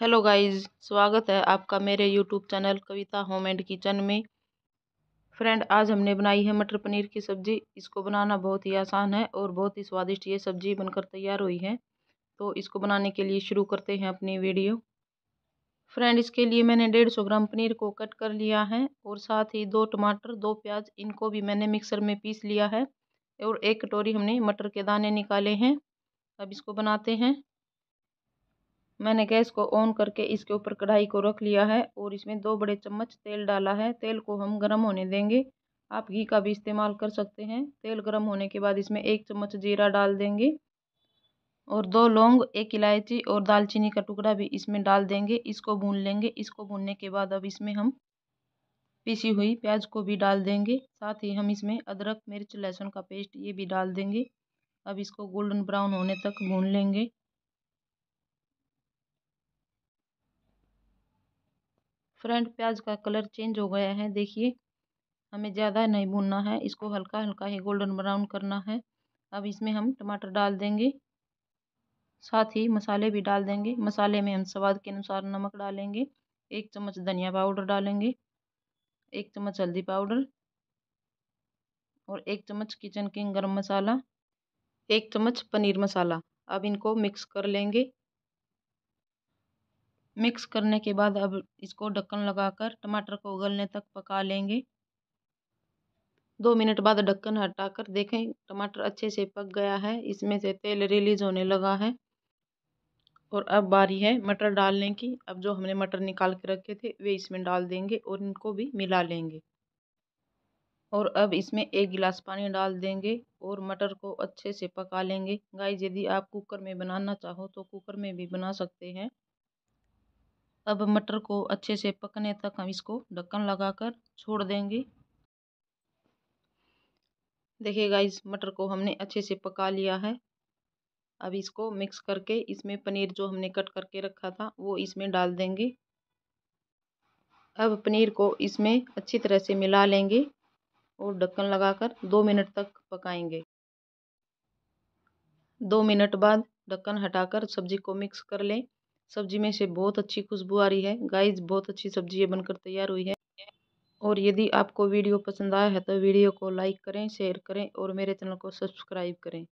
hello guys स्वागत है आपका मेरे YouTube channel Kavita home and kitchen में फ्रेंड आज हमने बनाई है मटर पनीर की सब्ज़ी इसको बनाना बहुत ही आसान है और बहुत ही स्वादिष्ट ये सब्ज़ी बनकर तैयार हुई है तो इसको बनाने के लिए शुरू करते हैं अपनी वीडियो फ्रेंड इसके लिए मैंने डेढ़ सौ ग्राम पनीर को कट कर लिया है और साथ ही दो टमाटर दो प्याज इनको भी मैंने मिक्सर में पीस लिया है और एक कटोरी हमने मटर के दाने निकाले हैं अब इसको बनाते हैं मैंने गैस को ऑन करके इसके ऊपर कढ़ाई को रख लिया है और इसमें दो बड़े चम्मच तेल डाला है तेल को हम गर्म होने देंगे आप घी का भी इस्तेमाल कर सकते हैं तेल गर्म होने के बाद इसमें एक चम्मच जीरा डाल देंगे और दो लौंग एक इलायची और दालचीनी का टुकड़ा भी इसमें डाल देंगे इसको भून लेंगे इसको भूनने के बाद अब इसमें हम पीसी हुई प्याज को भी डाल देंगे साथ ही हम इसमें अदरक मिर्च लहसुन का पेस्ट ये भी डाल देंगे अब इसको गोल्डन ब्राउन होने तक भून लेंगे फ्रंट प्याज का कलर चेंज हो गया है देखिए हमें ज़्यादा नहीं भूनना है इसको हल्का हल्का ही गोल्डन ब्राउन करना है अब इसमें हम टमाटर डाल देंगे साथ ही मसाले भी डाल देंगे मसाले में हम स्वाद के अनुसार नमक डालेंगे एक चम्मच धनिया पाउडर डालेंगे एक चम्मच हल्दी पाउडर और एक चम्मच किचन किंग गर्म मसाला एक चम्मच पनीर मसाला अब इनको मिक्स कर लेंगे मिक्स करने के बाद अब इसको ढक्कन लगाकर टमाटर को उगलने तक पका लेंगे दो मिनट बाद ढक्कन हटाकर देखें टमाटर अच्छे से पक गया है इसमें से तेल रिलीज होने लगा है और अब बारी है मटर डालने की अब जो हमने मटर निकाल के रखे थे वे इसमें डाल देंगे और इनको भी मिला लेंगे और अब इसमें एक गिलास पानी डाल देंगे और मटर को अच्छे से पका लेंगे गाइस यदि आप कुकर में बनाना चाहो तो कुकर में भी बना सकते हैं अब मटर को अच्छे से पकने तक हम इसको ढक्कन लगाकर छोड़ देंगे देखिए गाइस मटर को हमने अच्छे से पका लिया है अब इसको मिक्स करके इसमें पनीर जो हमने कट करके रखा था वो इसमें डाल देंगे अब पनीर को इसमें अच्छी तरह से मिला लेंगे और ढक्कन लगाकर दो मिनट तक पकाएंगे दो मिनट बाद ढक्कन हटाकर सब्जी को मिक्स कर लें सब्जी में से बहुत अच्छी खुशबू आ रही है गाइस बहुत अच्छी सब्जी ये बनकर तैयार हुई है और यदि आपको वीडियो पसंद आया है तो वीडियो को लाइक करें शेयर करें और मेरे चैनल को सब्सक्राइब करें